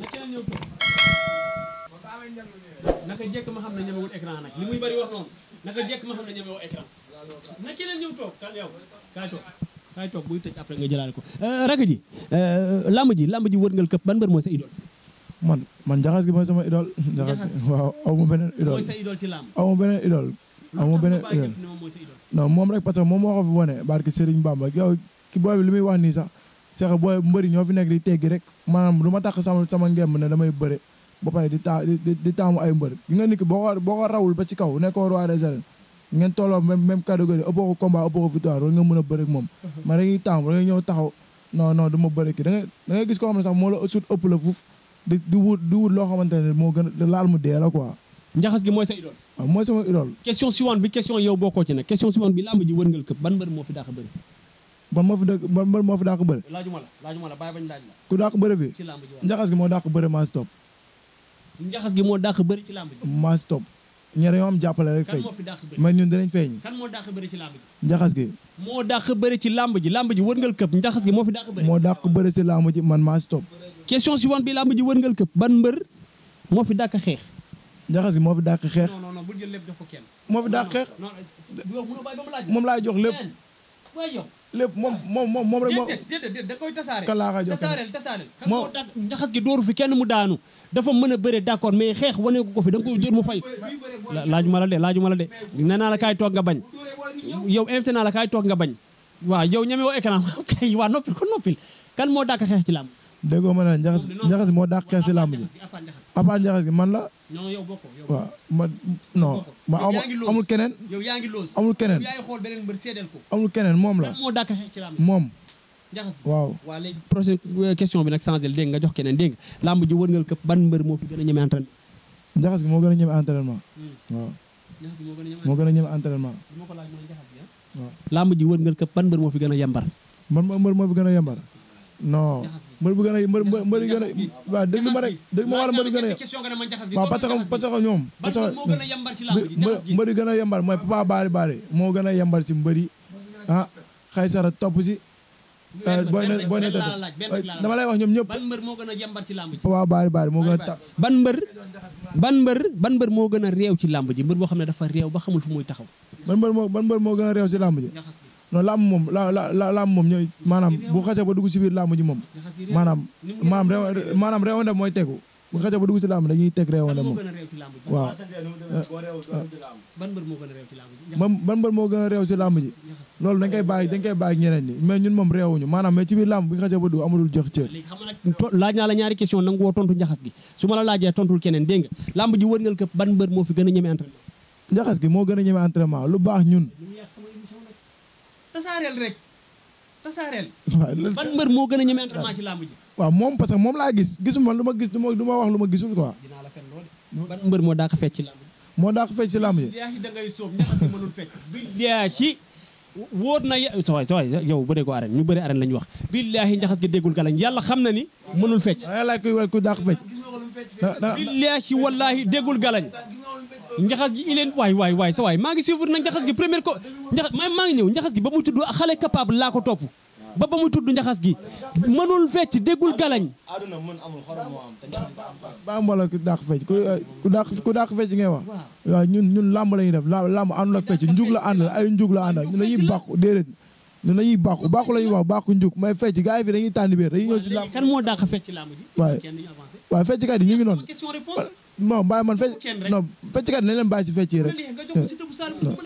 na teel ñëw toog naka jekk ma xam ne ñemewul écran nag li muy bari wax noonu naka jekk ma xam ne ñemewul écran na keneen ñëw toog yow kaay toog kaay toog buy tëj après nga jëlaale ko euh, rakk ji euh, lamb ji lamb ji wërngal këpp ban mbër mooy sa idole man man jaxas gi mooy sama idole jaxas waaw aw ma beneen idole mooy sa idole ci lamb aw ma beneen idole aw ma beneen idole non moom rek parce que moom moo ko fi wane barke Serigne Bamba yow ki booy bi li muy wax nii sax seex booy mbëri ñoo fi nekk di teggi rek maanaam lu ma takk sama sama ngemb ne damay bëre ba pare di taa di taamu ay mbër gi nga nit ki boo ko rawul ba ci kaw nekkoo roi des arènes ngeen tolloo même même catégorie ëppoo ko combat ëppoo ko victoire war nga mën a bëre ak moom mhm. ma da ngay taamu da ngay ñëw taxaw non non du ma bëre ki da gis koo xam ne sax moo la sut ëpp la fuuf di di wut di wut loo xamante ne moo gën laal mu dee la quoi njaxas gi mooy sa idole ah, mooy sama idole moo fi daax a ba moo fi dëkk ba mbër moo fi daa ko bëre. laajuma la laajuma la bàyyi bañ laaj la. ku daa ko bëre gi moo daa ko maa si topp. gi moo daa ko ci làmb maa si topp ñeneen ñoo am jàppale rek. feeñ kan moo fi daa ko bëre kan moo daa ko ci làmb njaxas gi. moo daa ko bëre ci làmb ji làmb ji wërngal këpp njaxas gi moo fi daa ko bëre. moo daa ko bëre ci làmb ji man maa si topp. question suivante bi làmb ji wërngal këpp ban mbër moo fi daa xeex. njaxas gi moo fi daa xeex. non non non jox ko kenn. moo fi xeex. moom laay jox lépp. lépp moom moom moom moom rek moo. déedéet da koy tasaare. kalaaxa gi dooru fi kenn mu daanu. dafa mën a bëre d'accord mais xeex wane ko ko fi da nga koy dóor mu fay. laaju ma de laaju ma la de nee naa la kaay toog nga bañ. yow invité naa la kaay toog nga bañ. waaw yow ñeme woo écran kay waa noppil ko noppil kan moo dàq xeex ci làmb. déggoo ma ne la njaxas njaxas moo dàq xeex ci làmb ji. apaan njaxas gi man la. no yow bokkoo yow waaw ma non. ma amul keneen. yow yaa ngi loos amul keneen. xool beneen mbër seedeel ko. amul moom la moo dàkk ci làmb moom. jaxas waaw waaw léegi projet euh, question bi nag changé dégg nga jox keneen dégg nga làmb ji wërngal këpp ban mbër moo fi gën a ñeme entraînement. jaxas moo gën a ñeme entraînement. Hmm. waaw. moo gën a ñeme entraînement. moo ko laaj mooy jaxas gi ah. ji wërngal këpp ban mbër moo fi gën a yembar. ban mbër moo fi gën a yembar non. mbër bu gën a mbër mbër gën a waaw dégg ma rek dégg ma wala mbër bu gën a waaw parce que gën a yambar mooy papa baari baari moo gën a yambar ci mbër yi ah xay sara topp si booy na booy na dama lay wax ñoom ñëpp ban mbër moo gën a yambar ci làmb ji papa baari baari moo gën a ban mbër ban mbër ban mbër gën a réew ci làmb ji mbër boo xam ne dafa réew ba xamul fu muy taxaw ban mbër moo ban mbër moo gën a réew ci làmb ji non làmb moom la la la làmb moom ñooy maanaam bu xasee ba dugg si biir làmb ji moom maanaam maanaam réew maanaam réewande mooy tegu bu xasee ba dugg si làmb dañuy teg réewande moom waaw. ban ban mbër moo gën a réew si làmb ji loolu dañ koy bàyyi dañ koy bàyyi ñeneen ñi mais ñun moom réewuñu maanaam mais ci biir làmb bu xasee ba dugg amadul jox cër. laaj naa la ñaari question nangu woo tontu njaxas gi su ma la laajee tontul keneen dégg nga làmb ji wërngal këpp ban mbër moo fi gën a ñeme entraînement. njaxas gi moo gën a ñeme entraînement lu baax ñun tasaareel rek tasaareel. man mbër moo gën a ñeme entraînement ci làmb ji. waaw moom parce que moom laa gis gisuma lu ma gis du ma du ma wax lu ma gisul ko dinaa la fen loolu ban mbër moo dàq fecc ci làmb ji. moo dàq fecc ci làmb ji. yaa ci da ngay soob ñaata wóor na ya sa waay sa waay yow bëree ko arène ñu bëri arène la ñu wax. yi njaxas gi déggul galañ yàlla xam na ni mënul fecc. waaye laaj kuy kuy dàq fecc. billaahi wallaahi déggul galañ njaxas gi ileen waay waay waay sa waay maa ngi suivre nag njaxas gi première ko njaxas maa ngi ñëw njaxas gi ba muy tudd xale capable laa ko topp ba ba muy tudd njaxas gi mënul fecc déggul galañ ba mbala ku dàq fecc ku dàq ku dàq fecc ngay wax waaw ñun ñun làmb la ñuy def làmb àndul ak fecc njug la ànd ay njug la àndal ñu dañuy bàqu déedéet ñun dañuy baaxu baaxu la wax baaxu njuk mais fecc gaa yi fi dañuy tànn biir dañuy ñëw si làmb kan moo dàq fecc làmb ji waaye waaye fecckat ñu ngi noonu non bàyyi man fecc non fecckat yi nañ leen bàyyi si fecc yi rek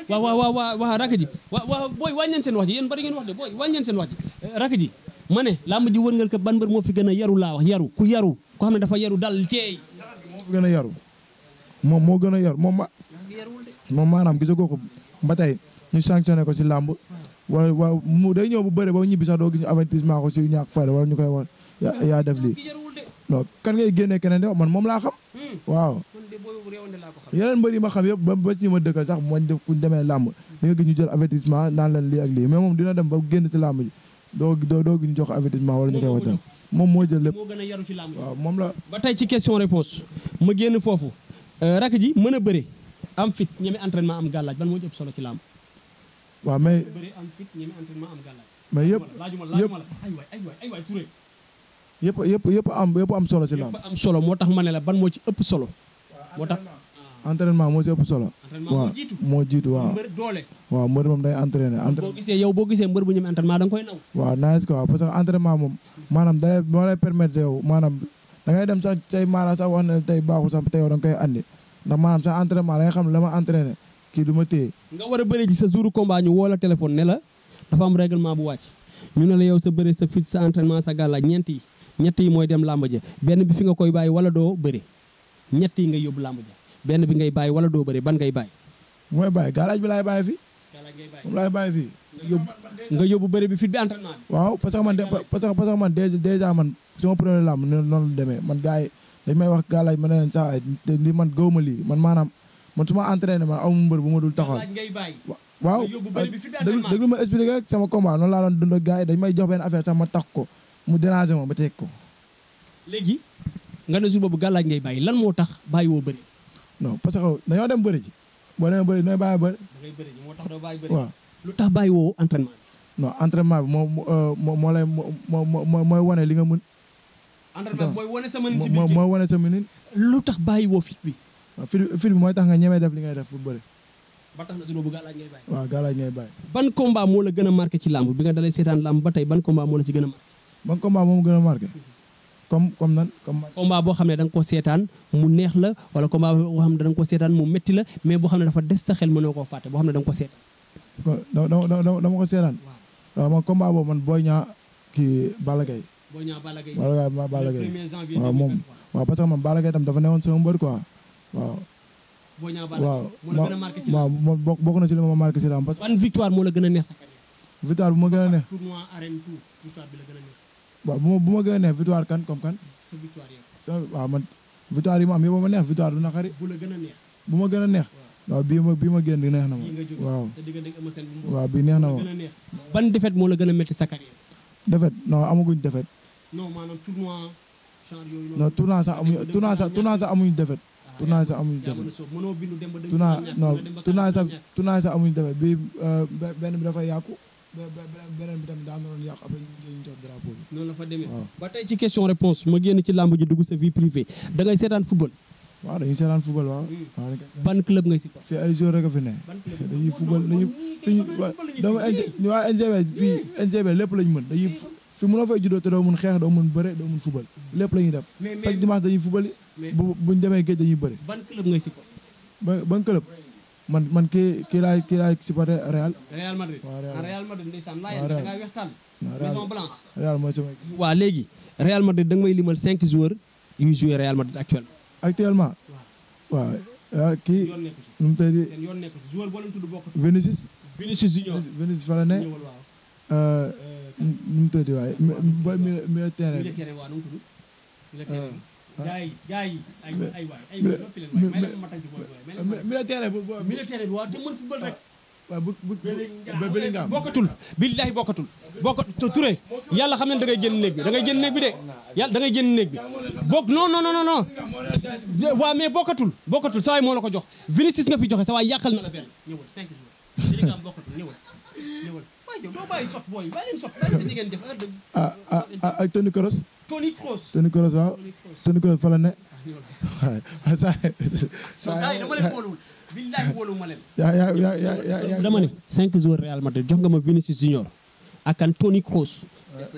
waaw waaw waaw waaw waaw rakk ji waaw waaw booy wàññi leen wax ji yéen bari ngeen wax de booy wàññi seen wax ji eh, rakk ji ma ne làmb ji wërngal ko ban mbër moo fi gën a yaru laa wax yaru ku yaru ko xam ne dafa yaru dal teey moo fi gën a yaru moom moo gën a yaru moom moom maanaam gisagoo ko ba tey ñu sanctionné ko si làmb wala wala mu day ñëw bu bëre ba ñibbi sax doo gis ñu avertissement ko si ñàkk fayda wala ñu koy wax yaa def lii no kan ngay génnee keneen de man moom laa xam hmm. waaw yeneen mbër yi ma xam yëpp ba ba si ma dëkkal sax mooñ def kuñ demee làmb di gis ñu jël avertissement naan leen lii ak lii mais moom dina dem ba génn ci làmb ji doo doo doo gis ñu jox avertissement wala ñu koy wax moom moo jël lépp moo gën a yaru waaw moom la ba tey ci question réponse ma génn foofu euh, rak ji mën a bëre am fit ñeme entraînement am gàllaaj ban moo jëpp solo ci làmb waaw mais mais yëpp yëpp yëpp yëpp yëpp am yëpp am solo si lamb solo moo tax ma ne la ban moo ci ëpp solo moo tax entraînement ah. moo si ëpp solo waaw moo jiitu waa mbër doole waaw mbër moom day entraîné boo gisee yow boo gisee mbër bu ñëmee entraînement da nga koy naw waa nice quoi parce que entraînement moom maanaam dalay moo lay permettre yow maanaam da ngay dem sax tey maara sax wax ne tey baaxul sax tey yow da nga koy andi ndax maanaam sax entraînement xam ne la ma entraîné kii du ma nga war a bëree ci sa jour combat woo la téléphone ne dafa am règlement bu wàcc ñu ne la yow sa bëre sa fit sa entraînement sa gàllaaj ñeent yi mooy dem làmb ja benn bi fi nga koy bàyyi wala doo bëri ñett yi ngay yóbbu làmb ja benn bi ngay bàyyi wala doo bëri ban ngay bàyyi. mooy bàyyi gàllaaj bi laay bàyyi fi. gàllaaj ngay moom laay bàyyi fi. nga yóbbu bëri bi fit bi entraînement bi. waaw parce que man parce que parce que man déjà man sama premier làmb noonu la demee man gars yi dañ ma man su ma entraîné man aw ma mbër bu ma dul taxawal waaw déglu ma expliqué rek sama combat noonu laa doon dund ak gars dañ may jox benn affaire sax ma tax ko mu déranger ma ma ko léegi nga boobu gàllaaj ngay bàyyi lan moo tax bàyyi woo bëri non parce que dañoo dem bëri ji boo demee bëri nooy bàyyi bëri waaw lu tax bàyyi woo entraînement bi non entraînement bi moo moo euh, moo lay moo mooy wane li nga mën entraînement mooy wane sa mën mooy wane sa mën lu tax bàyyi woo fit bi film mooy tax nga ñemee def li ngay def bu bëri ba tax na suñu bu galaaj ngay bàyyi waaw galaaj ngay bàyyi ban combat moo la gën a marqué ci lamb bi nga dalay seetaan lamb ba tey ban combat moo la ci gën a marqué ban combat moom gën a marqué comme comme nan comme combat boo xam ne da nga ko seetaan mu neex la wala combat boo xam ne da nga ko seetaan mu metti la mais boo xam ne dafa des sa xel mënoo koo fàtte boo xam ne da nga ko seetaan dama ko seetaan waaw man combat boobu man booy ñaa kii Balla Gaye booy ñaa Balla Gaye Balla Gaye Balla Gaye parce que man Balla tam dafa newoon sama mbër quoi waaw. waaw waaw moom bokk na ci li ma marqué ci lamb parce que. ban victoire moo la gën a neex sa carrière. victoire bu ma gën a neex. tournoi arène tout victoire bi la gën a neex. waaw bu ma bu ma gën a neex victoire kan comme kan. sa victoire yow. sa waaw man victoire yi ma am yëpp ma neex victoire du naqari. bu la gën a neex. bu ma gën a neex. waaw bii ma bii ma génn neex na ma. waaw waaw bii neex na ma. ban défaite moo la gën a métti sa carrière. défaite non amaguñ défaite. non maanaam tournoi genre yooyu. non tournoi sax amuñu tournoi sax tournoi sax amuñu défaite. tournage sax amuñu demee tournage non tournage sax tournage sax amuñu demee bi euh, benn bi dafa yàqu beneen bi tamit daa naroon yàqu ñu jox drapeau bi. noonu la fa demee ba tey ci question réponse ma génn ci làmb ji dugg sa vie privée da seetaan football. waaw dañuy seetaan football waaw. Hmm. ban club ngay si fii ay joueurs rek a fi ne. dañuy football dañuy fii waa NGB fii NGB lépp lañu mën dañuy. fi mënoo fay juddoo te doo mun xeex doo mun bëre doo mun fubal lépp la ñuy def chaque dimanche dañuy fubali bu buñ demee géej dañuy bëri ban club ngay supporté ban club man man kii kii laay kii Real Madrid Real da ngaa wextaan maison blanche Real mooy sama waaw léegi Real Madrid da nga may limal cinq joueurs yuy joué Real Madrid actuellement actuellement waaw ah kii nu mu tëddee Vinicius ne nu mu tëddee waaye booy milieu terrain bi. gaay gaay ay ay ay noppi leen ma tànk booy booy milieu terrain bi bi waaw te mën football rek waaw bokkatul billaahi bokkatul bokkatul Touré yàlla xam ne da ngay jënd néeg bi da ngay jënd néeg bi de yàlla da ngay jënd néeg bi bokk non non non non waaw bokkatul bokkatul sa moo la ko jox Vinicius nga fi joxe sa yàqal na la benn ñëwal ah ah ah ay ah, Toni waaw. Toni Kroos fa la ah, waaw saa saa yaa dama ne cinq joueurs Real Madrid jox nga ma Vinicius Junior ak kan Toni Kroos. ak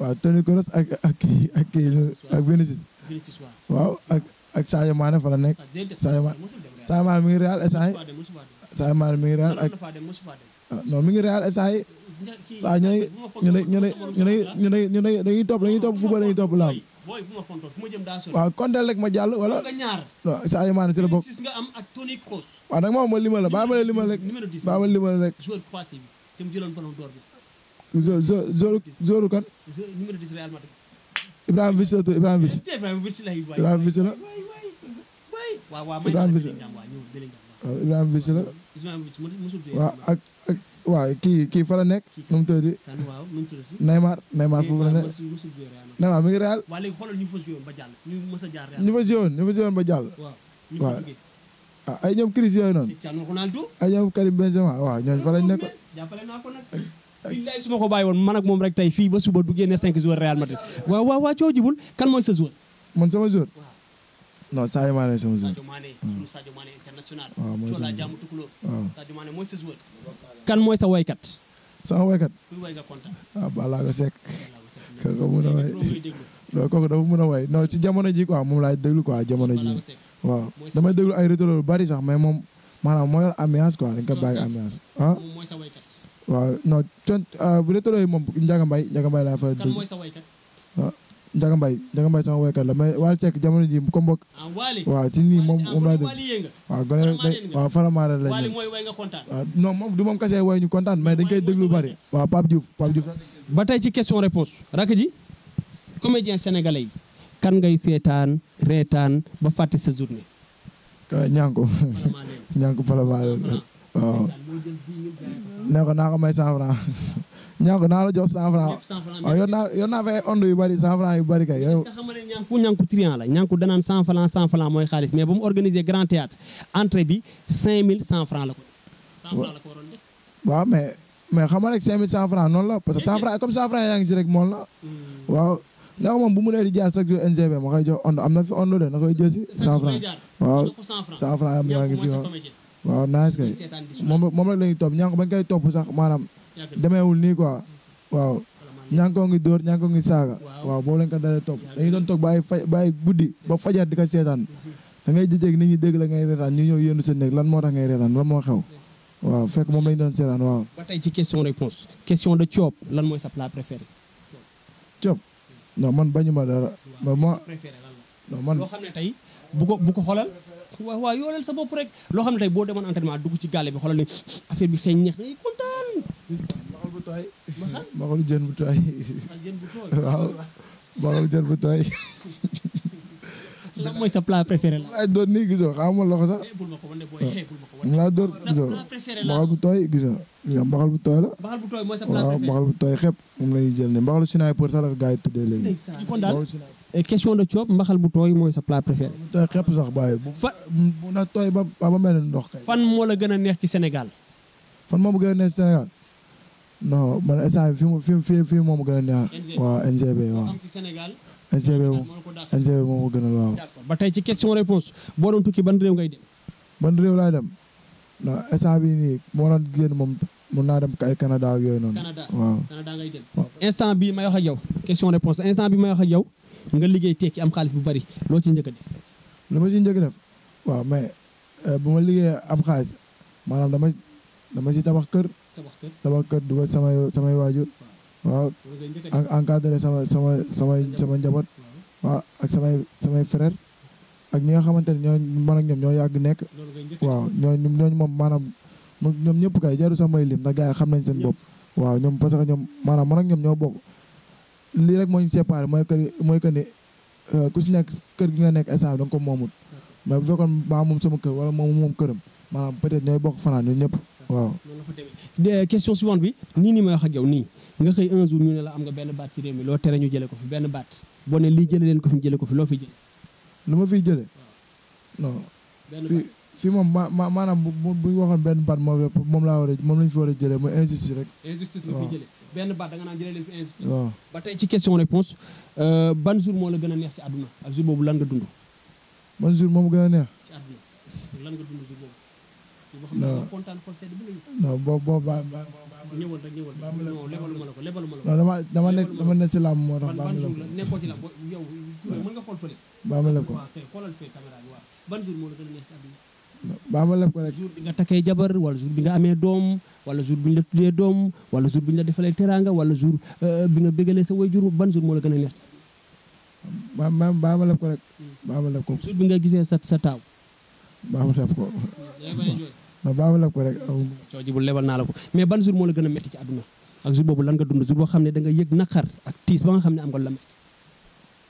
waaw Toni Kroos ak ak waaw ak ak Sadio Mané fa la Sadio Mané mi ngi Real instant yii Sadio Mané mi ngi Real ak ah, non mi ngi Real instant yii saa ñu ne ñu ne ñu ne ñu ne ñu ne dañuy topp dañuy topp football dañuy topp laam. waaw kontel rek ma jàll wala. waaw Sadio Mané ci la bokk. waaw nag moom ma limal la baa ma limal rek baa ma limal rek. zo zo zo zoru kan. Ibrahima Vissi la tudd Ibrahima Vissi. Ibrahima Vissi la. Ibrahima Bissi waaw ah, Ibrahima la waaw ak ak waaw kii kii fa la nekk nu mu tëddi Neymar Neymar foofu la nekk Neymar mi ngi Real ñu fa siyoon ñu fa siyoon ba jàll waaw ah, ay ñoom Chris yooyu noonu ay ñoom Karim Benzema waaw ñooñu fa lañ nekk billaay su ma ko bàyyi woon man moom rek tey fii ba suba du génne cinq joueurs Real Madrid waaw waaw waaw coow kan mooy sa joueur man sama joueur non Sadio Mané sama hmm. joueur. Sadio Mané mooy sa joueur mooy sa joueur. kan mooy sa waykat. sama waykat. ah Ballago Seck. kooku mun a way non kooku dafa ci jamono ji ko moom laay déglu quoi jamono ji. waaw damay déglu ay retour lu bari sax mais moom maanaam moo yor dañ ko bàyyi ambiance ah. waaw non cont ah, bu retour yi moom Ndiaga Mbaye Ndiaga Mbaye laa faral Ndiaga Mbaye Ndiaga Mbaye sama woykat la mais Wally Seck jamono ji comme boog ah, waaw si nii moom ah, moom laa dégg waaw gone waaw moom du moom kese way ñu kontaan mais dañ koy déglu bari waa Pape Diouf ba tey ci question réponse rakk ji kan ngay seetaan reetaan ba fàtte sa journée ñaanku ñaanku faramaare waaw ne naa ko may cent francs ñànku naa la jox cent franc waaw yor naa yor yu bari cent yu bëri kay yow xam ne ñànku la ñànku danaan cent franc cent franc mooy xaalis mais ba mu organiser grand théâtre entrée bi cinq mille cent franc la ko cent waaw mais mais xam nga rek cinq mille cent franc noonu la parce que cent franc comme cent franc yaa ngi si rek moom hmm. la waaw ndax moom bu mu nee di jaar chaque jour NGB ma koy jox ond am na fi ond de na koy jësi cent franc waaw cent franc yaa ngi fi demeewul nii quoi waaw ñankoo ngi dóor ñankoo ngi saaga waaw boo lañ ko dalee topp dañuy doon toog bàyyi faj bàyyi guddi ba fajar di ko seetaan da ngay jëjeeg nit ñi dégg la ngay reetaan ñu ñëw yéenu sa néeg lan moo tax ngay reetaan lan moo xew waaw fekk moom lañ doon seetaan waaw de coob lan mooy sa plat préféré coob man bañu ma dara ma ma non man ne tey bu ko bu ko xoolal waaw waaw yoolal sa bopp rek loo xam ne tey boo demoon entraînement dugg ci gàlle bi xoolal ne bi xëy maxal bu tooy. maxal ah, jën bu tooy. waaw maxal bu tooy. lan mooy sa plat préféré la. ay doon nii gisoo xamuma eh, loxo eh, bu tooy gisoo. maxal bu tooy la. waaw tooy xepp moom la ñuy jël ne pour sax la ko gars yi tuddee eh, mbaxal bu tooy mooy sa plat préféré. tooy xepp sax bàyyi. fan bu tooy ba ba mel ni la gën a neex ci Sénégal. fan moom gën a neex ci Sénégal. non man instant eh, fi mu fi mu fi mu moom gën a neex. waaw NGB waaw. a waaw. tey ci question réponse boo doon tukki ban réew ngay dem. ban réew instant bii nii moo doon génn moom mun naa dem ay Canada ak yooyu noonu. waaw Canada may wax ak yow question réponse instant may wax ak yow nga liggéey tekki am xaalis bu bari loo ci njëkk a def. li ma ci njëkk a def waaw mais eh, bu ma liggéey am xaalis maanaam dama dama ci tabax kër. sama kër dugal samay samay waajur waaw ak encadré sama sama sama sama njaboot waaw ak samay samay frère ak ñi nga xamante ne ñooñu man ak ñoom ñoo yàgg nekk waaw ñooñu ñooñu moom maanaam ñoom ñëpp kay jaru sax may lim ndax gars xam nañ seen bopp waaw ñoom parce que ñoom maanaam man ak ñoom ñoo bokk lii rek moo ñu séparé mooy que mooy que ni euh, ku si nekk kër gi nga nekk instant da nga ko moomut mais bu fekkoon maa moom sama kër wala moom moom këram maanaam peut ñooy bokk fanaan ñun ñëpp waaw euh, question suivante bi ni ni may wax ak yow ni nga xey un jour ñu ne la am nga benn baat ci réew mi loo tere ñu jële ko fi benn baat boo ne lii jële leen ko fi jële ko fi loo fi jële lu ma fiy jële non fi fii moom ma maanaam bu ñu waxoon benn baat moom moom laa war a moom la fi war a jële mooy injustice rek injustice nga fi jële benn baat da nga naan jële leen fi injustice waaw ba tey ci question réponse euh, ban jour moo la gën a neex ci àdduna ak jour boobu lan nga dund ban jour moom gën a neex ci àdduna lan nga dund jour boobu non non boo boo ba ba. ñëwal rek ñëwal rek non lebaluma la ko lebaluma ko. non dama dama dama nekk ci làmb moo tax. ban jour la nekkoo ci làmb yow mën nga xool fële. baa ma leb ko xoolal fee ban jour moo a baa ma leb ko rek. jour nga takkee jabar wala jour bi nga amee doom wala jour bi ñu la tuddee doom wala jour bi ñu la defalee teraanga wala jour euh, bi nga bégalee sa waajur ban jour moo la a neex. ma ma baa ma leb ko rek. Hmm. baa ma leb ko jour bi nga gisee sa sa taaw. baa ma leb ko. Hmm, ma baaxul ak ko rek aw ma. bu lebal naa la mais ban jour moo la gën a métti ci àdduna ak jour boobu lan nga dund jour boo xam ne danga nga yëg naqar ak tiis ba nga xam ne am nga la métti.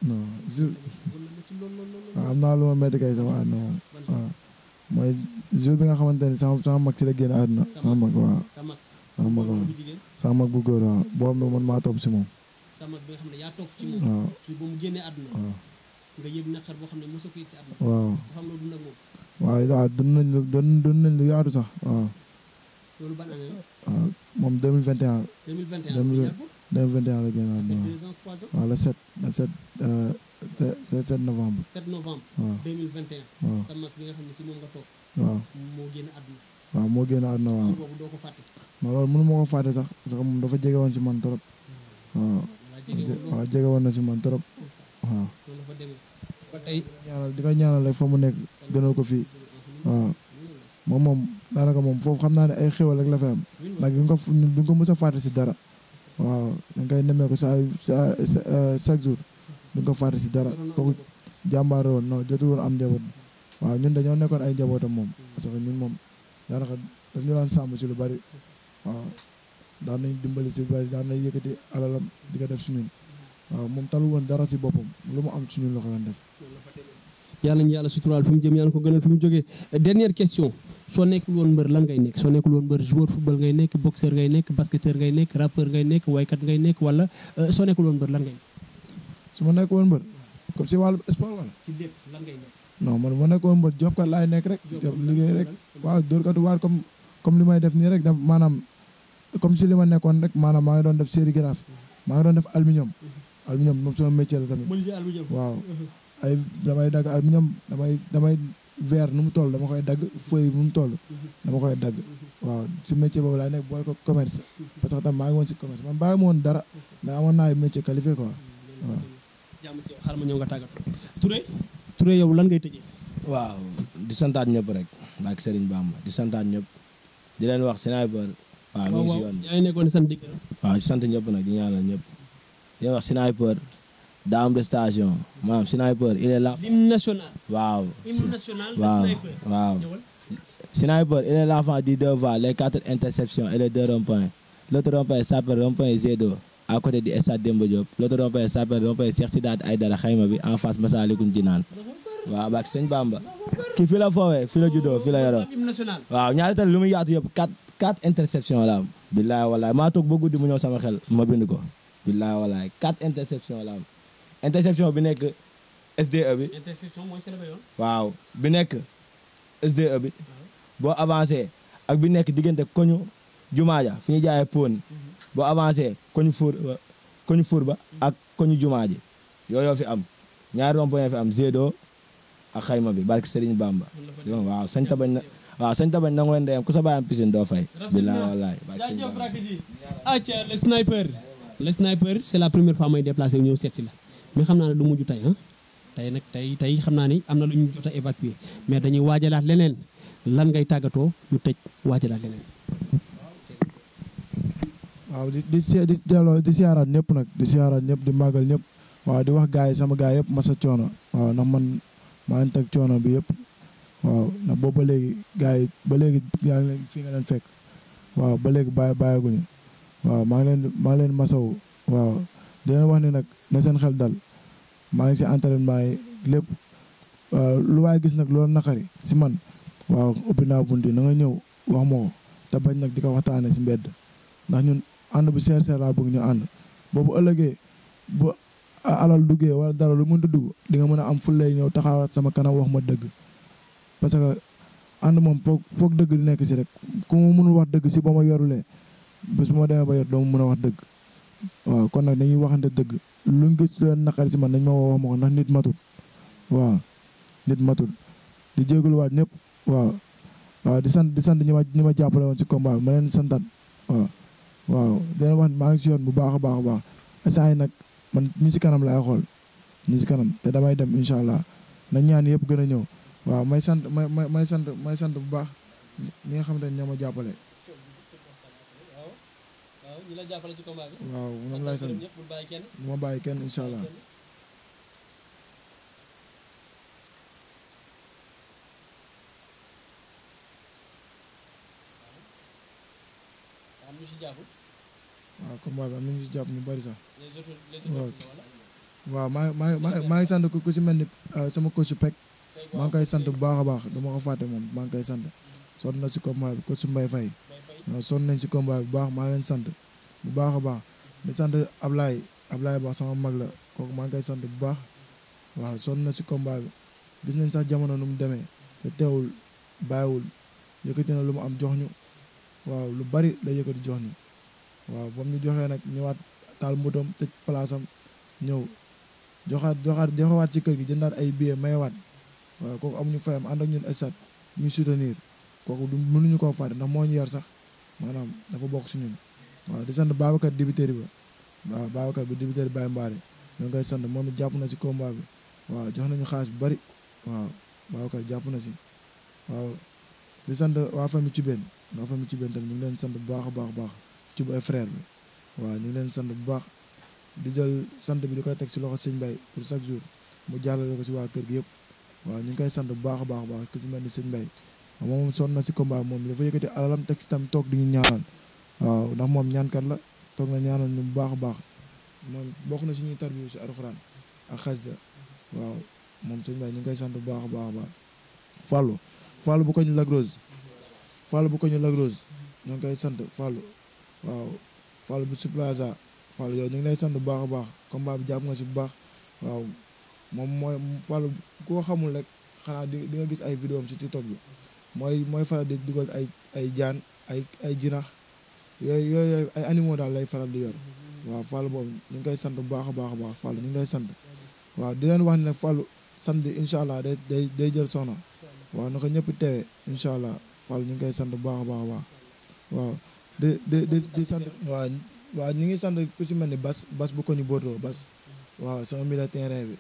non jour waaw am naa lu ma métti kay sama àdduna moom mooy jour bi nga xamante ne sama sama mag ci la génn àdduna sama mag waaw. sama mag waaw bu góor waaw boo xam ne maa topp si moom. waaw waaw waaw doon nañ lu doon nañ lu yaatu sax waaw. loolu ban année la. Ah, waaw moom 2021. 2021 2021 la génn waaw. waaw le 7 le 7 7 euh, novembre. waaw waaw moo génn àdduna. waaw moo waaw. boobu doo ko fàtte. loolu ma ko fàtte sax parce moom dafa jege woon si man trop. Hmm. waaw jege woon na ci man trop waaw. di ko ñaanal rek fa mu nekk gënal ko fii waaw moom moom daanaka moom foofu xam naa ne ay xéwal la fa am nag duñ ko duñ ko mës a fàtte si dara waaw dañ koy nemmee ko sa euh, chaque jour duñ ko fàtte si dara kooku jàmbaar woon non jotul woon am njaboot waaw ñun dañoo nekkoon ay njabootam moom parce que ñun moom daanaka daf ñu daan sàmm si lu bari waaw daan dimbali si lu bari daan nañ yëkkati alalam di ko def si ñun waaw moom talu woon dara si boppam lu mu am suñu loxo lan def yàlla ñu yàlla suturaal fi mu jëm yàlla ko gënal fi mu jógee dernière question soo nekkul woon mbër lan ngay nekk soo nekkul woon mbër joueur football ngay nekk boxeur ngay nekk basketteur ngay nekk rappeur ngay nekk waykat ngay nekk wala euh, soo nekkul woon mbër lan su ma nekk woon mbër si wàllum sport wala ci lépp lan ngay nekk ma nekk woon mbër nekk rek job liggéey rek waaw dóorkatu waar comme comme li may def nii rek da maanaam comme si li ma nekkoon rek maanaam maa ngi doon def sérigraphie maa ngi doon def aluminium aluminium moom sama métier la tamit. waaw uh-huh. ay damay dagg aluminium damay damay verre nu mu toll dama koy dagg feuille nu mu toll uh-huh. dama koy dagg uh-huh. waaw si métier boobu laay nekk boole ko commerce parce que tam maa ngi woon si commerce man baa ma woon dara mais amoon naa ay métier qualifié quoi mm-hmm. waaw. jaamsi xaaral ma ñëw nga tàggatoo Touré Touré yow lan ngay tëjee. waaw di santaat ñëpp rek ak Serigne Bamba di santaat ñëpp di leen wax Sénégal waaw ñu si sant ñëpp nag di ñaanal ñëpp. li sniper Dame de station maanaam sniper il est là. l'hymne national. waaw hymne national sniper. waaw. sniper il est l'enfant du devoir les quatre interceptions et les deux ronds-points l'autre rond-point s'appelle rond-point Zedo à côté de stade Demba l'autre rond-point s'appelle rond-point Cheikh Aïdara xayma bi en face Massalikoul Jinaan waaw bak une Bamba ki fi la foowee fi la judo, fi la yoroo waaw ñaari tal lu muy yaatu de quatre quatre interceptions là. am billaay wallaay maa toog ba guddi mu ñëw sama xel ma bind ko billaay walaay quatre interception la am interception bi nekk SDE bi. waaw bi nekk SDE bi. boo avancé ak bi nekk diggante koñu jumaaja fi ñu jaayee pon boo avancé koñu fuur ba ak koñu jumaaji yooyu fi am ñaari rond fi am Zedo ak xayma bi barke Serigne Bamba waaw na waaw sañ tabañ na ngeen ndeyam ku sa bàyyam piscine doo fay. billaay walaay barke Serigne Bamba. le sniper. le sniper c' est la première fois may déplacé wu ñëw seet si la mais xam naa ne du mujj tey ah tey nag tey tey xam naa ni am na lu ñu jot a évacuer mais dañuy waajalaat leneen lan ngay tàggatoo ñu tëj waajalaat leneen. waaw di di di delloo siyaaraat ñëpp nag di siyaaraat ñëpp di màggal ñëpp waaw di wax gaa yi sama gars yëpp masa coono waaw ndax man maa ngi teg coono bi yëpp waaw ndax boobu ba léegi gars yi ba léegi yaa fi nga leen fekk waaw ba léegi bàyyi bàyyi guñu waaw maa ngi leen maa ngi leen masaw waaw di wax ne nag na seen xel dal maa ngi si entraînement yi lépp lu waaye gis nag loolu naqari si man waaw ubbi naa bunt yi na nga ñëw wax moo te bañ nag di ko waxtaane si mbedd ndax ñun ànd bu seer seer laa bëgg ñu ànd boobu ëllëgee bu alal duggee wala dara lu mënta dugg di nga mën a am fullay ñëw taxawaat sama kanam wax ma dëgg parce que ànd moom foog foog dëgg di nekk si rek ku ma mënul wax dëgg si ba ma yorulee bés bu ma demee ba yor doo mën a wax dëgg waaw kon nag dañuy waxante dëgg lu ñu gis leen naqar si man dañ ma woo wax ma ko ndax nit matul waaw nit matul di jégaluwaat ñëpp waaw waaw di sant di sant ñi ma ñi ma jàppale woon ci combat bi ma leen santaat waaw waaw dina wax maa ngi yoon bu baax a baax a baax instant yi nag man ñi si kanam laay xool ñi si kanam te damay dem incha allah na ñaan yëpp gën a ñëw waaw may sant may may sant may sant bu baax ñi nga xam ne ñoo ma jàppale ñi la jàppale ci combat bi. waaw moom laay sant ñëpp bul bàyyi kenn. bu ma bàyyi kenn incha allah. am ñu si jàpp. waaw combat bi am nañu si jàpp ñu bari sax. waaw maa maa maa ngi sant ku si mel ni euh, sama coach Pek. maa ngi koy sant bu baax a baax dama ko fàtte moom maa ngi koy sant. Mm-hmm. sonn na si combat bi coach Mbaye Faye. sonn nañ si combat bi bu baax maa leen sant. bu baax a baax di sant Ablaye Ablaye Ba sama mag la kooku maa kay koy sant bu baax waaw sonn na si combat bi gis nañ sax jamono nu mu demee te teewul bàyyiwul yëkkati na lu mu am jox ñu waaw lu bari la yëkkati jox ñu waaw ba ñu joxee nag ñëwaat taal mbutoom tëj place am ñëw joxaat joxaat joxewaat ci kër gi jëndaat ay billet mayewaat waaw kooku ñu fayam ànd ak ñun sat ñu soutenir kooku du mënuñu ko fàtte ndax moo ñu yar sax maanaam dafa bokk si ñun waaw di sant Babacar dibiteri ba waaw Babacar bi dibiteri Baye Mbaare ñu ngi koy sant moom it jàpp na si combat bi waaw nañu xaalis bu bëri waaw Babacar jàpp na si waaw di sant waa famille ci benn waa famille ci benn tamit ñu ngi leen sant bu baax a baax baax ci bu bi waaw ñu ngi leen sant bu baax di jël sant bi di koy teg si loxo sëñ Mbaye pour chaque jour mu jàllale ko si waa yëpp waaw ñu ngi koy sant bu baax a baax baax ku ci mel ni sëñ Mbaye na si combat moom dafa yëkkati teg si tam toog di ñu ñaanal waaw ndax moom ñaankat la toog na ñaanal ñu bu baax a baax moom bokk na suñuy tarbiyu si alxuraan ak xasida waaw moom sëñ Baye ñu ngi koy sant bu baax a baax a baax Fallou Fallou bu ko ñu lagrose bu ko ñu lagrose ñu ngi koy sant Fallou waaw Fallou bu Suplaza ñu ngi lay sant bu baax a baax combat bi jàpp nga si bu baax waaw moom mooy Fallou koo xamul rek xanaa di di nga gis ay vidéo am si TikTok bi mooy mooy faral di dugal ay ay jaan ay ay jinax yooyu yooy ay animaux daal lay faral di yor waaw Fall boobu ñu ngi koy sant bu baax a baax a baax Fall ñu ngi koy sant waaw di leen wax ne Fall samedi incha allah day day day jël soxna waaw na ko ñëpp teewee incha allah Fall ñu ngi koy sant bu baax a baax baax waaw di di di sant waaw ñu ngi sant ku si mel ni Bas Bas bu ko ñu bootoo Bas waaw sama milieu terrain bi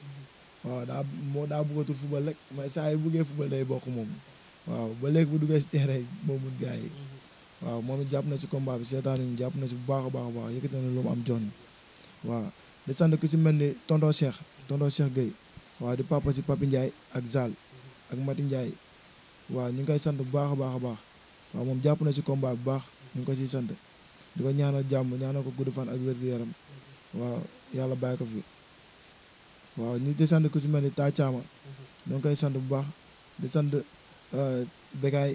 waaw daa moo daa bëggatul football rek mais saa yi buggee football day bokk moom waaw ba léegi bu duggee si terrain moomul gars yi waaw moom jàpp na ci combat bi seetaanuñu na si bu baax a baax a baax yëkkati na lu mu am jox ñu waaw di sant ku ci mel ni tonton seex tonton Cheikh Gueye waaw di papa si Papi njaay ak Zal ak Mati Ndiaye waaw ñu ngi koy sant bu baax a baax a baax waaw moom jàpp na si combat bu baax ñu ngi ko ci sant di ko ñaanal jàmm ñaanal ko gudd fan ak wér-gu-yaram waaw yàlla bàyyi ko fi waaw ñu di sant ku si mel ni Tacama ñu ngi koy sant bu baax di sant euh, Begaay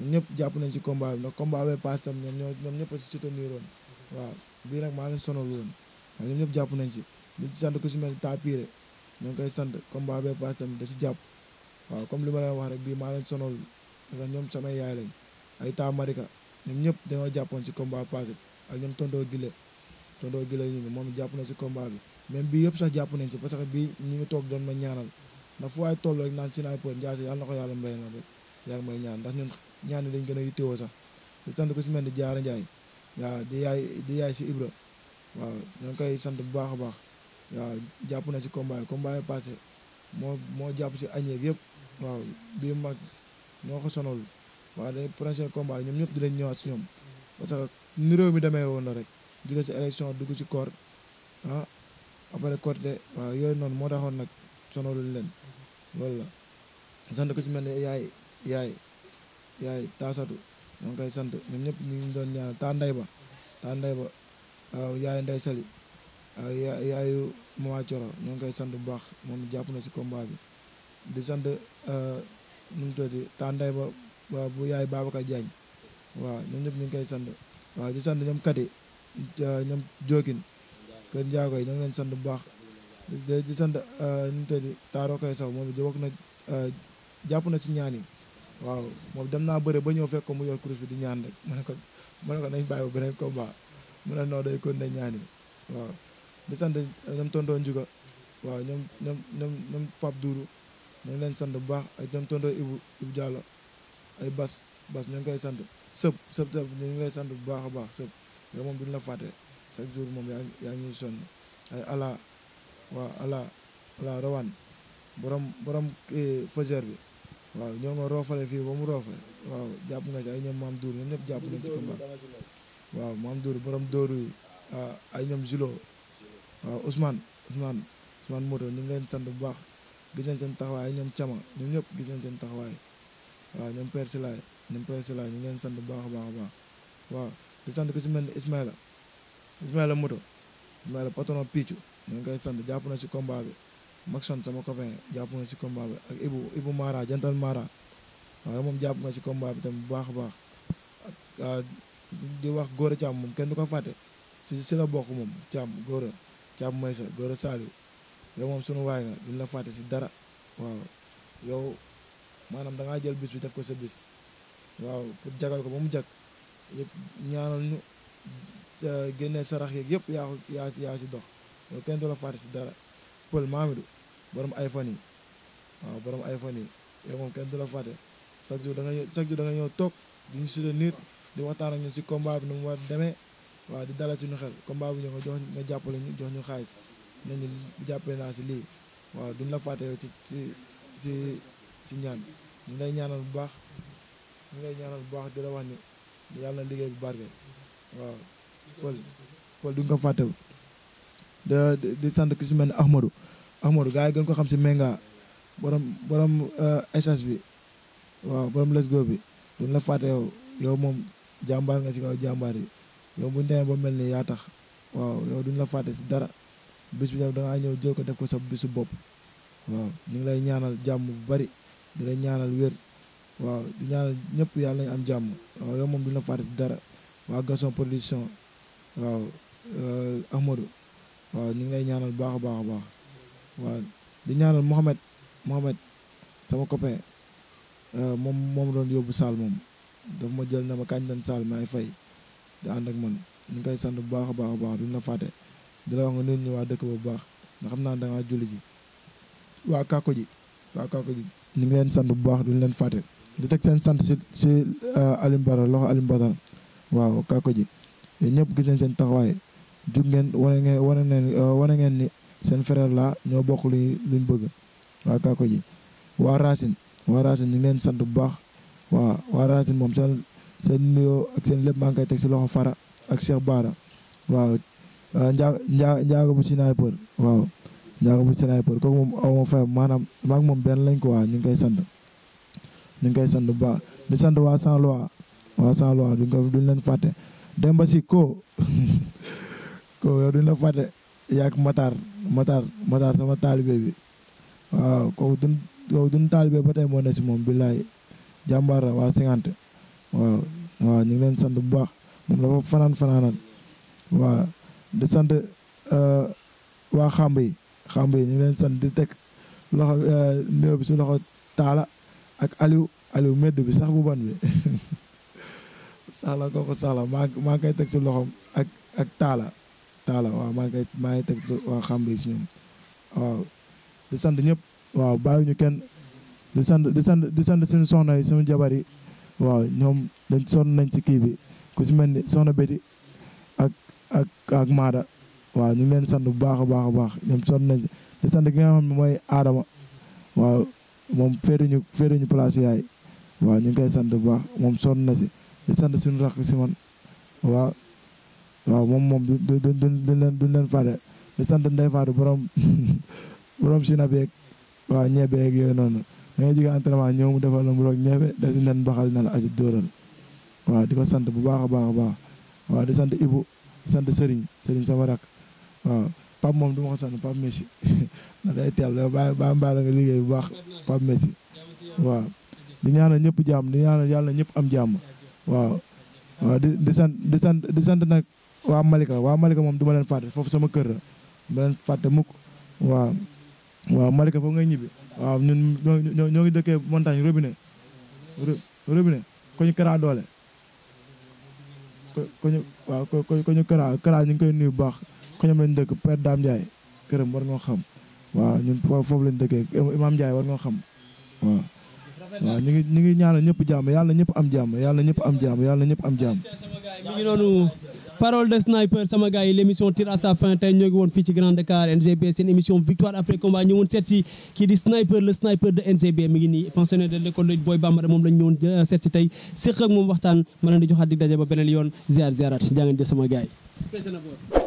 ñëpp jàpp nañ ci combat bi nag combat ñoom ñoo ñoom ñëpp a si soutenir woon waaw bii nag maa leen sonal woon ñëpp jàpp nañ si ñu ci sant ku si mel tapire ngi koy sant combat bee paas si jàpp waaw comme li ma leen wax rek bii maa leen sonal dafa ñoom samay yaay ay ta marika ñoom ñëpp dañoo jàppoon si combat passé ak ñoom tondoo gile tondoo gile ñu moom jàpp na si combat bi même bii yëpp sax jàpp nañ si parce que bii ñu ngi toog doon ma ñaanal ndax fu waay toll rek naan Sniper Ndiaye yàlla na ko yàlla mbéy na rek yaa ngi may ñaan ndax ñaan dañ gën a yittewoo sax di sant ku si mel ni Diarra Ndiaye waaw di yaay di yaay si Ibra waaw ñoo ngi koy sant bu baax a baax waaw jàpp na si combat yi combat moo moo jàpp si añee yëpp waaw bii mag ñoo ko sonal waaw day prochain ñoom ñëpp dinañ ñëwaat si ñoom parce que ni réew demee woon rek si élection dugg si koor ah après côté yooyu noonu moo taxoon nag sonalul leen loolu la sant ko si mel ni yaay yaay yaay taasatu ñoo ngi koy sant ñoom ñëpp ñu ngi doon ñaanal taa nday ba taa nday ba waaw yaay nday sali waaw yaayu Mama Coro ñoo ngi koy sant bu baax moom jàpp na si combat bi di sant euh, nu mu tuddati ba waaw bu yaay Babacar Diagne waaw ñoom ñu ngi koy sant waaw di sant ñoom kati ñoom jokin kër njaago yi ñoo ngi leen sant bu baax di sant euh, nu mu tuddati taaroo koy saw moom it na euh, jàpp na si ñaani waaw moom dem naa bëre ba ñëw fekk ko mu yor kurus bi di ñaan rek ma ne ko ma ne ko nañ bàyyi ba beneen combat mu ne noo day kon ne ñaan yi waaw di sant ñoom tonton Ndiouga waaw ñoom ñoom ñoom ñoom Pape Dourou ñu sant bu baax ak ñoom tonton ay Bas Bas ñu ngi koy sant sëb sëb sëb ñu ngi lay sant bu baax a baax sëb yow moom duñu la fàtte chaque jour moom yaa yaa ngi sonn ay ala waaw ala ala rawan borom borom eh, bi waaw ñoo ma roofale fii ba mu roofale waaw jàpp nga ci ay ñoom maam Dóor ñoom ñëpp jàpp nañ ci combat waaw maam Dóor borom Dóoru yi ah, ay ñoom julo waaw Ousmane Ousmane Ousmane Moto ñu ngi leen sant bu baax gis nañ seen taxawaay ay ñoom Cama ñoom ñëpp gis nañ seen taxawaay waaw ñoom Père Silaay ñoom Père Silaay ñu ngi leen sant bu baax a baax a baax waaw di sant ko si mel ni Ismaïla Ismaïla Moto Ismaïla patron Piccu ñu ngi koy sant jàpp na ci combat bi Maxson sama copain jàpp na ci combat bi ak Ibou Ibou Mara jantal Mara waaye moom jàpp na si combat bi tam bu baax a baax ah, di wax góor Gora Thiam moom kenn du ko fàtte si si la bokk moom Thiam Gora Thiam Maysa Gora Saliou yow moom sunu waay duñ la fàtte si dara waaw yow maanaam dangaa jël bis bi def ko sa bis waaw pour jagal ko ba mu jag yëpp ñaanal ñu génne sarax yeeg yëpp yaa yaa yaa si dox yow kenn du la fàtte si dara pël Maamadu borom ay fan yi waaw borom ay fan yi yow moom kenn du la fàtte chaque jour da nga ñëw chaque jour da nga ñëw toog di ñu soutenir di waxtaan ak ñu si combat bi nu mu war demee waaw di dalal suñu xel combat bi ñu nga jox nga jàppale ñu jox ñu xaalis nañu jàppale naa si lii waaw duñ la fàtte yow ci ci ci ci ñaan ñu lay ñaanal bu baax ñu lay ñaanal bu baax di la wax ni yàlla na liggéey bi barke waaw pël pël duñ ko fàttewu di sant ki si mel ne Ahmadou Ahmadou gars yi gën ko xam si Menga borom borom essence eh, bi waaw borom lesgo bi duñ la fàtte yow yow moom jàmbaar nga si kaw jàmbaar yi yow bu ñu ba mel ni yaa tax waaw yow duñ la fàtte si dara bis bi tam ñëw jël ko def ko sa bisu bopp waaw ñu ngi lay ñaanal jàmm bu bari di ñaanal wér waaw ñaanal ñëpp yàlla nañu am jàmm waaw yow moom duñ la fàtte si dara waa Gaston production waaw eh, Ahmadou waaw ñu ngi lay ñaanal baax a baax baax waaw di ñaanal Mohamed sama copain euh, moom moom doon yóbbu saal moom dafa ma jël na ma kañ leen saal maay fay di ànd ak ñu ngi koy sant bu baax a baax baax duñ la fàtte di la wax nga nuyu dëkk bu baax nga xam naa dangaa julli ji waa ji waa kàkku ji ñu ngi leen sant bu baax duñ leen fàtte di teg seen sant si si euh, Alioune Badara loxo Alioune waaw kaako ji ñëpp gis nañ seen taxawaay jug ngeen wane ngeen wane ngeen euh, wane ngeen ni seen frère la ñoo bokk li luñ bëgg waa kaako ji waa racine waa racine ñu ngeen sant bu baax waa wa racine mom sen sen nuyo ak sen lepp ma ngi tek ci loxo fara ak Cheikh Baara waaw euh, njaa njaa njaago bu sniper waaw njaago bu sniper ko mom aw ma fay manam mak mom ben lañ ko wa ñu ngi sant ñu ngi sant bu baax di sant wa sans loi wa sans loi duñ ko duñ leen fàtte Demba ci ko ko yow duñ la fàtte yak Matar Matar Matar sama talibé bi waaw ko duñ kooku duñ talibé ba tey mo ne si moom billaay jàmbaar la waa waaw wa ñu ngi leen sant bu baax mom la fanaan fanaanal wa di sant euh wa xambe xambe ñu ngi leen sant di tek loxo euh, neew bi su loxo taala ak Aliou Aliou medd bi sax bu ban bi sala ko ko sala ma ma kay tek su loxom ak ak taala taala waaw maa maa ngi teg waa xambe si ñoom waaw di sant ñëpp waaw bàyyiwuñu kenn di sant di sant di sant suñu soxna yi jabar yi waaw ñoom dañ sonn nañ ci kii bi ku si mel ni soxna Béti ak ak ak Maada waaw ñu ngi leen sant bu baax a baax a baax ñoom sonn nañ di sant ki mooy Adama waaw moom féetuñu féetuñu place yaay koy sant bu moom sonn na si di sant suñu rakk si man waaw waaw moom moom du du du du leen du leen fàtte di sant Ndeye Fatou borom si na beeg waaw ñebe yeeg yooyu noonu da ngay jóge entraînement ñëw mu defal la mu roog ñebe da si nen baxal na la asi dóoral waaw di ko sant bu baax a baax a baax waaw di sant Ibou di sant sëriñ Serigne sama rak waaw Pape moom du ma ko sant Pape Messi na day teel da ba ba mbaa nga liggéey bu baax Pape Messi waaw di ñaanal ñëpp jàmm di ñaanal yàlla ñëpp am jàmm waaw waaw di di sant di sant di sant nag waa Malika waa Malika moom du ma leen fàtte foofu sama kër la ma leen fàtte mukk waaw waaw Malika foofu ngay ñibbi waaw ñun ñoo ñoo ngi dëkkee montagne robinet robinet ko Kara doole ko ñu waaw ko ñu Kara ñu ngi koy nuyu bu baax ko ñoom lañ dëkk Père Dame Ndiaye këram war nga xam waaw ñun foofu lañ dëkkee Imam Ndiaye war nga xam waaw waaw ñu ngi ñu ngi ñaanal ñëpp jàmm yàlla ñëpp am jàmm yàlla ñëpp am jàmm yàlla ñëpp am jàmm parole de sniper samagaï. L'émission tire à sa fin tey ñoo ngi woon fii ci Grand Dakar NGB une émission victoire après combat ñëwoon seet qui kii di sniper le sniper de NGB mi ngi pensionnaire de l'École de Boy Bambara moom lañ ñëwoon euh, seet si tey séq ak moom waxtaan ma leen di joxaat ba beneen yoon ziar ziarat jaa sama gars